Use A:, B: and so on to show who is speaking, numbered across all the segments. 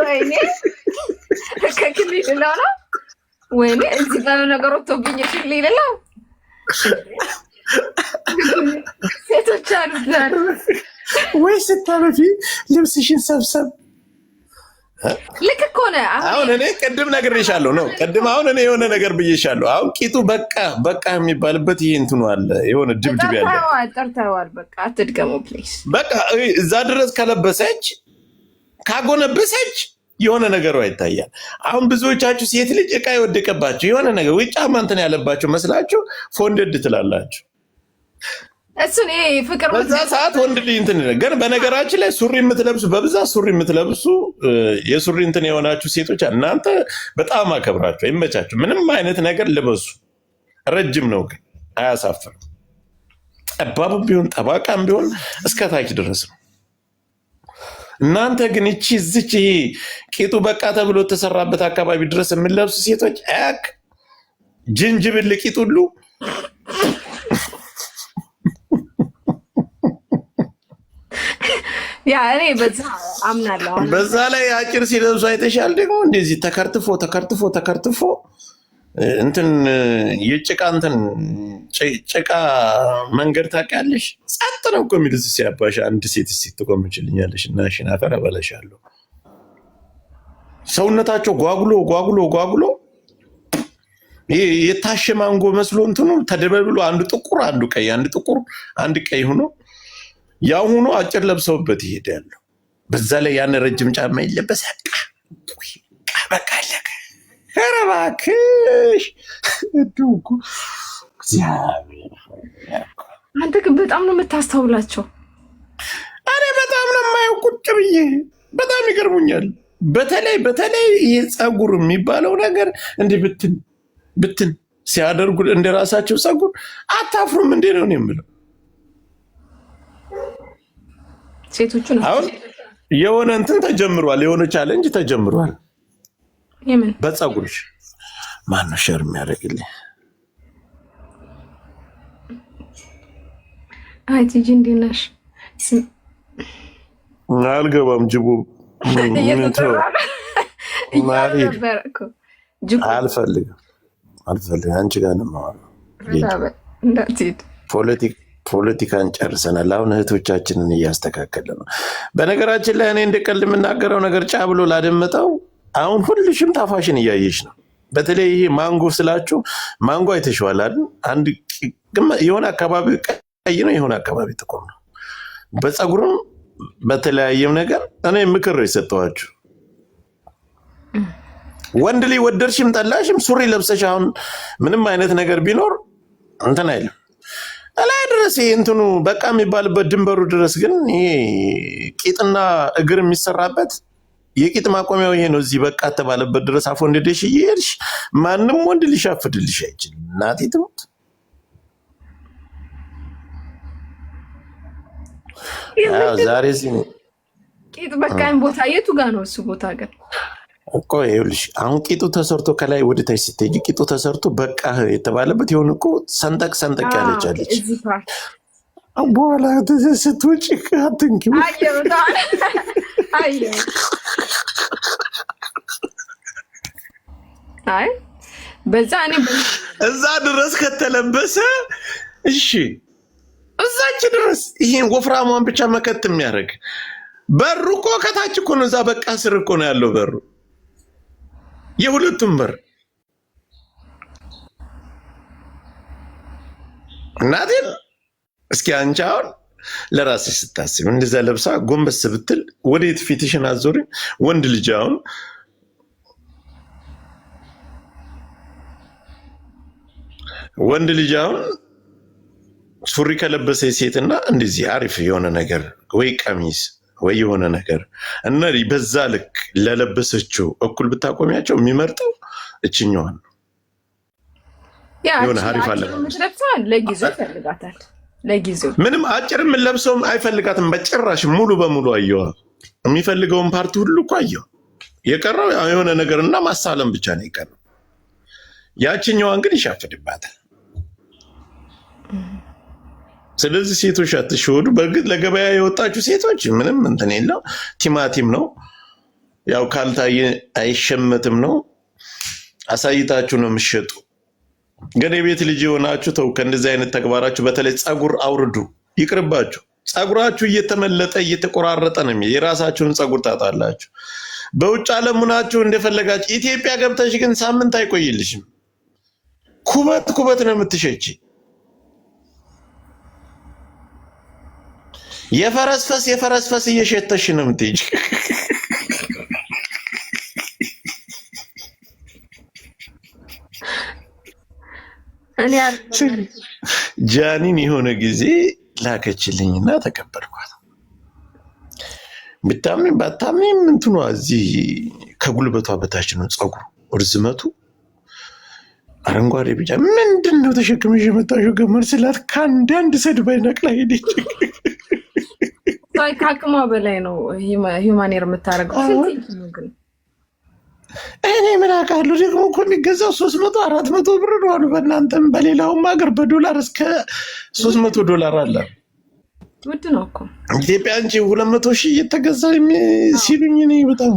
A: ወይኔ ከክል ይልለው ነው። ወይኔ እዚህ ጋር ነገር ወጥቶብኝ ክል ሴቶች አሉ ዛሬ
B: ወይ ስታበፊ ልብስሽን ሰብሰብ ልክ አሁን እኔ ቅድም ነግሬሻለሁ ነው ቅድም አሁን እኔ የሆነ ነገር ብዬሻለሁ። አሁን ቂጡ በቃ በቃ የሚባልበት ይሄ እንትኑ አለ የሆነ ድብድብ ያለ
A: ጠርተዋል። በቃ አትድገሙ
B: ፕሊዝ። በቃ እዛ ድረስ ከለበሰች ካጎነበሰች የሆነ ነገሯ ይታያል። አሁን ብዙዎቻችሁ ሴት ልጅ እቃ የወደቀባችሁ የሆነ ነገር ወይ ጫማ እንትን ያለባችሁ መስላችሁ ፎንደድ ትላላችሁ። እሱን ፍቅር በዛ ሰዓት ወንድ ልጅ እንትን ግን በነገራችን ላይ ሱሪ የምትለብሱ በብዛት ሱሪ የምትለብሱ የሱሪ እንትን የሆናችሁ ሴቶች እናንተ በጣም አከብራችሁ፣ ይመቻችሁ። ምንም አይነት ነገር ልበሱ። ረጅም ነው ግን አያሳፍርም። ጠባብም ቢሆን ጠባቃም ቢሆን እስከታች ድረስ ነው። እናንተ ግን እቺ ዝች ቂጡ በቃ ተብሎ ተሰራበት አካባቢ ድረስ የምለብሱ ሴቶች ያክ ጅንጅብል ቂጥ ሁሉ በዛ ላይ አጭር ሲለብሱ አይተሻል። ደግሞ እንደዚህ ተከርትፎ ተከርትፎ ተከርትፎ እንትን የጭቃ እንትን ጭቃ መንገድ ታውቂያለሽ? ጸጥ ነው እኮ የሚሉት ሲያባሽ አንድ ሴት ሴት ትቆምችልኛለሽ እና ሽናፈር እበላሻለሁ። ሰውነታቸው ጓጉሎ ጓጉሎ ጓጉሎ የታሸ ማንጎ መስሎ እንትኑ ተደበብሎ አንድ ጥቁር አንዱ ቀይ አንድ ጥቁር አንድ ቀይ ሆኖ ያ ሆኖ አጭር ለብሰውበት ይሄዳሉ። በዛ ላይ ያን ረጅም ጫማ ይለበሳል። በቃ አለቀ። ኧረ እባክሽ
A: አንተ ግን በጣም ነው
B: የምታስተውላቸው። እኔ በጣም ነው የማየው ቁጭ ብዬ በጣም ይገርሙኛል። በተለይ በተለይ ይህ ፀጉር የሚባለው ነገር እንዲህ ብትን ብትን ሲያደርጉ እንደ ራሳቸው ፀጉር አታፍሩም እንዴ ነው የምለው። ሴቶቹ አሁን የሆነ እንትን ተጀምሯል፣ የሆነ ቻለንጅ ተጀምሯል። በፀጉርሽ ማነው ሸር የሚያደርግልኝ?
A: አይ ቲጂ እንዴት ነሽ?
B: አልገባም። ጅቡ አልፈልግም፣ አልፈልግም። አንቺ ጋር ፖለቲካን ጨርሰናል። አሁን እህቶቻችንን እያስተካከለ ነው። በነገራችን ላይ እኔ እንደቀል የምናገረው ነገር ጫ ብሎ ላደመጠው አሁን ሁልሽም ታፋሽን እያየች ነው። በተለይ ይሄ ማንጎ ስላችሁ ማንጎ አይተሸዋላል አንድ የሆነ አካባቢ ቀይ ነው፣ የሆነ አካባቢ ጥቁር ነው። በፀጉርም በተለያየም ነገር እኔ ምክር የሰጠኋችሁ ወንድ ላይ ወደድሽም ጠላሽም ሱሪ ለብሰሽ አሁን ምንም አይነት ነገር ቢኖር እንትን አይልም እላይ ድረስ ይሄ እንትኑ በቃ የሚባልበት ድንበሩ ድረስ ግን ይሄ ቂጥና እግር የሚሰራበት የቂጥ ማቆሚያው ይሄ ነው። እዚህ በቃ ተባለበት ድረስ አፎ እንደደሽ እየሄድሽ ማንም ወንድ ሊሻፍድልሽ አይችልም። እናቴ ትሙት ዛሬ
A: ቂጥ በቃኝ ቦታ የቱ ጋ ነው? እሱ
B: ቦታ ግን እኮ ይኸውልሽ፣ አሁን ቂጡ ተሰርቶ ከላይ ወደ ታች ስትሄጂ ቂጡ ተሰርቶ በቃ የተባለበት የሆነ እኮ ሰንጠቅ ሰንጠቅ ያለች አለች በኋላ ስትወጪ አትንኪ።
A: አይ በዛ እኔ
B: እዛ ድረስ ከተለበሰ እሺ፣ እዛች ድረስ ይሄን ወፍራሟን ብቻ መከት የሚያደርግ በሩ እኮ ከታች እኮ ነው። እዛ በቃ ስር እኮ ነው ያለው በሩ፣ የሁለቱም በር እናቴ እስኪ አንቺ አሁን ለራስሽ ስታስብ እንደዚያ ለብሳ ጎንበስ ብትል ወደየት ፊትሽን አዞሪ? ወንድ ልጅ አሁን ወንድ ልጅ አሁን ሱሪ ከለበሰ ሴትና እንደዚህ አሪፍ የሆነ ነገር ወይ ቀሚስ ወይ የሆነ ነገር እና በዛ ልክ ለለበሰችው እኩል ብታቆሚያቸው የሚመርጠው እችኛዋን ነው።
A: የሆነ አሪፍ አለ ለጊዜው ይፈልጋታል።
B: ለጊዜው ምንም አጭር የምንለብሰውም አይፈልጋትም በጭራሽ። ሙሉ በሙሉ አየዋ። የሚፈልገውን ፓርቲ ሁሉ እኮ አየው። የቀረው የሆነ እና ማሳለም ብቻ ነው የቀረው። ያችኛዋን ግን ይሻፍድባታል። ስለዚህ ሴቶች አትሸወዱ። በእርግጥ ለገበያ የወጣችሁ ሴቶች ምንም እንትን የለው ቲማቲም ነው ያው ካልታየ አይሸመትም ነው። አሳይታችሁ ነው የምትሸጡ። ግን የቤት ልጅ የሆናችሁ ተው፣ ከእንደዚህ አይነት ተግባራችሁ በተለይ ፀጉር አውርዱ፣ ይቅርባችሁ። ፀጉራችሁ እየተመለጠ እየተቆራረጠ ነው። የራሳችሁን ፀጉር ታጣላችሁ። በውጭ ዓለም ሁናችሁ እንደፈለጋችሁ ኢትዮጵያ ገብተሽ ግን ሳምንት አይቆይልሽም። ኩበት ኩበት ነው የምትሸች። የፈረስፈስ የፈረስፈስ እየሸተሽ ነው የምትሄጂ። ጃኒን የሆነ ጊዜ ላከችልኝ እና ተቀበልኳት። ብታምኔም ባታምኔም እንትኗ እዚህ ከጉልበቷ በታች ነው ፀጉሩ እርዝመቱ አረንጓዴ ቢጫ። ምንድን ነው ተሸክመሽ የመጣሽው ገመድ ስላት ከአንዳንድ ሰድባይ ነቅላ ሄደች።
A: ከአቅሟ በላይ ነው ሂውማኔር የምታደርገው
B: እኔ ምን አውቃለሁ ደግሞ እኮ የሚገዛው ሶስት መቶ አራት መቶ ብር ነው አሉ። በእናንተም በሌላውም ሀገር በዶላር እስከ ሶስት መቶ ዶላር
A: አለ። ውድ ነው እኮ
B: ኢትዮጵያ እንጂ ሁለት መቶ ሺህ እየተገዛ ሲሉኝ እኔ በጣም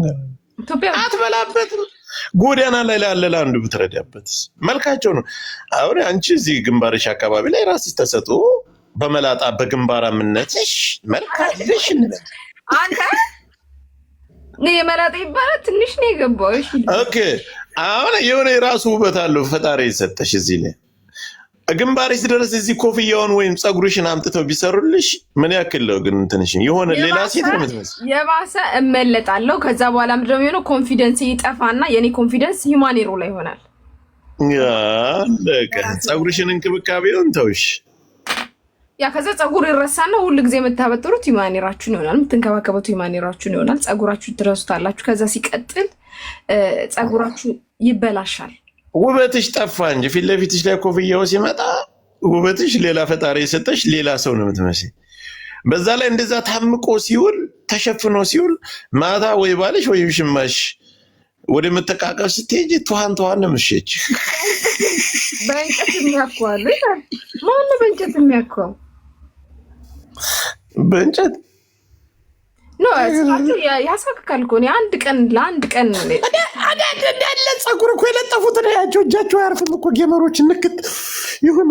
B: አትበላበትም። ጎዳና ላይ ላለ ለአንዱ ብትረዳበት መልካቸው ነው። አሁን አንቺ እዚህ ግንባርሽ አካባቢ ላይ ራስ ተሰጡ በመላጣ በግንባራምነትሽ መልክ አለሽ እንበል
A: የመላጣ ይባላል። ትንሽ ነው
B: የገባው። ኦኬ አሁን የሆነ የራሱ ውበት አለው ፈጣሪ የሰጠሽ እዚህ ላይ ግንባሬ ሲደርስ እዚህ ኮፍያውን ወይም ፀጉርሽን አምጥተው ቢሰሩልሽ ምን ያክል ነው ግን ትንሽ የሆነ ሌላ
A: ሴት ነው የምትመስለው። የባሰ እመለጣለሁ። ከዛ በኋላ ምንድን ነው ኮንፊደንስ ይጠፋና የኔ ኮንፊደንስ ሂማን ሄሮ ላይ
B: ይሆናል። ፀጉርሽን እንክብካቤውን ተውሽ
A: ያ ከዛ ፀጉር ይረሳና ሁሉ ጊዜ የምታበጥሩት ማኔራችሁን ይሆናል። የምትንከባከቡት ማኔራችሁን ይሆናል። ፀጉራችሁ ትረሱታላችሁ። ከዛ ሲቀጥል ፀጉራችሁ ይበላሻል።
B: ውበትሽ ጠፋ እንጂ ፊት ለፊትሽ ላይ ኮፍያው ሲመጣ ውበትሽ ሌላ ፈጣሪ የሰጠሽ ሌላ ሰው ነው የምትመስል። በዛ ላይ እንደዛ ታምቆ ሲውል ተሸፍኖ ሲውል ማታ ወይ ባልሽ ወይ ሽማሽ ወደ መጠቃቀፍ ስትሄጅ ትኋን ትኋን ነው የምትሸች።
A: በእንጨት የሚያኳዋል ማነው በእንጨት የሚያኳው? በእንጨት ያሳክካል እኮ አንድ ቀን ለአንድ ቀን
B: እንዳለ ጸጉር እኮ የለጠፉት ያቸው እጃቸው አያርፍም እኮ ጌመሮች ንክት ይሁን።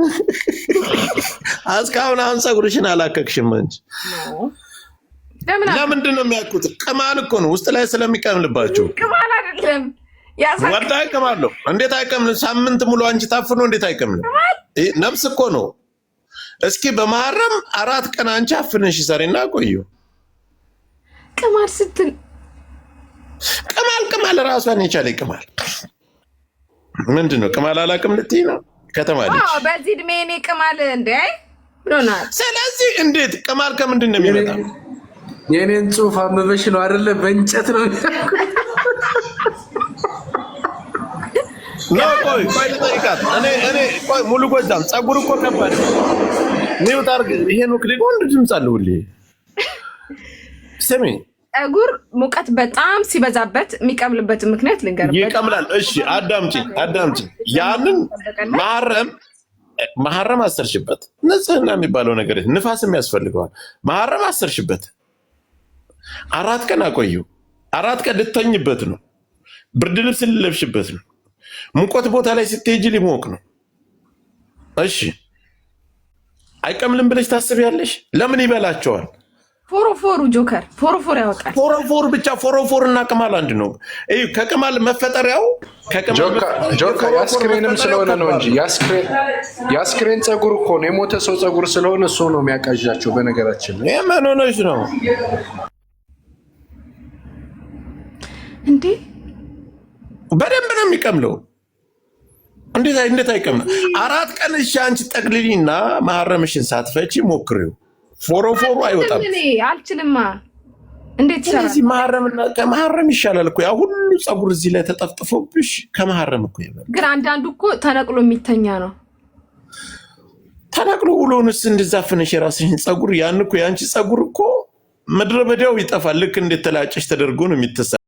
B: እስካሁን አሁን ጸጉርሽን አላከክሽም እንጂ ለምንድን ነው የሚያውቁት? ቅማል እኮ ነው ውስጥ ላይ ስለሚቀምልባቸው
A: ቅማል አይደለም
B: ወዳ አይቀማለሁ። እንዴት አይቀምልም? ሳምንት ሙሉ አንቺ ታፍኖ እንዴት አይቀምልም? ነብስ እኮ ነው እስኪ በመሐረም አራት ቀን አንቺ አፍንሽ ይሰሪና ቆዩ።
A: ቅማል ስትል
B: ቅማል ቅማል ራሷን የቻለ ቅማል ምንድን ነው? ቅማል አላቅም ልትይ ነው? ከተማ
A: በዚህ እድሜ እኔ ቅማል እንደ
B: ስለዚህ እንዴት ቅማል ከምንድን ነው የሚመጣ? የእኔን ጽሁፍ አንብበሽ ነው አይደለ? በእንጨት ነው ነው ቆይ ቆይ ልጠይቃት። እኔ እኔ ቆይ ሙሉ ጎጃም ጸጉር እኮ ከባድ ነው ኒውታር ሄኖክ ደግሞ አንድ ድምፅ አለው ሁሌ ስሚ
A: ጸጉር ሙቀት በጣም ሲበዛበት የሚቀምልበት
B: ምክንያት ልንገርበት። ይቀምላል። እሺ አዳምጪ አዳምጪ። ያንን መሐረም መሐረም አሰርሽበት። ንጽህና የሚባለው ነገር ንፋስም ያስፈልገዋል። መሐረም አሰርሽበት። አራት ቀን አቆዩ። አራት ቀን ልተኝበት ነው። ብርድ ልብስ ልለብሽበት ነው። ሙቀት ቦታ ላይ ስትሄጂ ሊሞቅ ነው። እሺ አይቀምልም ብለሽ ታስቢያለሽ? ለምን
A: ይበላቸዋል? ፎሮፎሩ ጆከር ፎሮፎር ያወጣል።
B: ፎሮፎር ብቻ ፎሮፎር እና ቅማል አንድ ነው። ከቅማል መፈጠሪያው ጆከር ያስክሬንም ስለሆነ ነው እንጂ ያስክሬን ጸጉር እኮ ነው፣ የሞተ ሰው ጸጉር ስለሆነ እሱ ነው የሚያቃዣቸው። በነገራችን ላይ ምን ሆነች ነው እንዴ? በደንብ ነው የሚቀምለው እንዴት እንዴት አይቀምና አራት ቀን እሺ፣ አንቺ ጠቅልሊና መሐረምሽን ሳትፈጪ ሞክሪው። ፎሮፎሩ
A: አይወጣም። አልችልማ። እንዴት ይሻላል?
B: እዚህ መሐረምና ከመሐረም ይሻላል እኮ ያ ሁሉ ፀጉር እዚህ ላይ ተጠፍጥፎብሽ ከመሐረም እኮ
A: ይበል። ግን አንዳንዱ እኮ ተነቅሎ የሚተኛ ነው።
B: ተነቅሎ ውሎንስ እንደዛ አፍነሽ የራስሽን ፀጉር ያን እኮ የአንቺ ፀጉር እኮ ምድረ በዳው ይጠፋል። ልክ እንደተላጨሽ ተደርጎ ነው የሚተሳ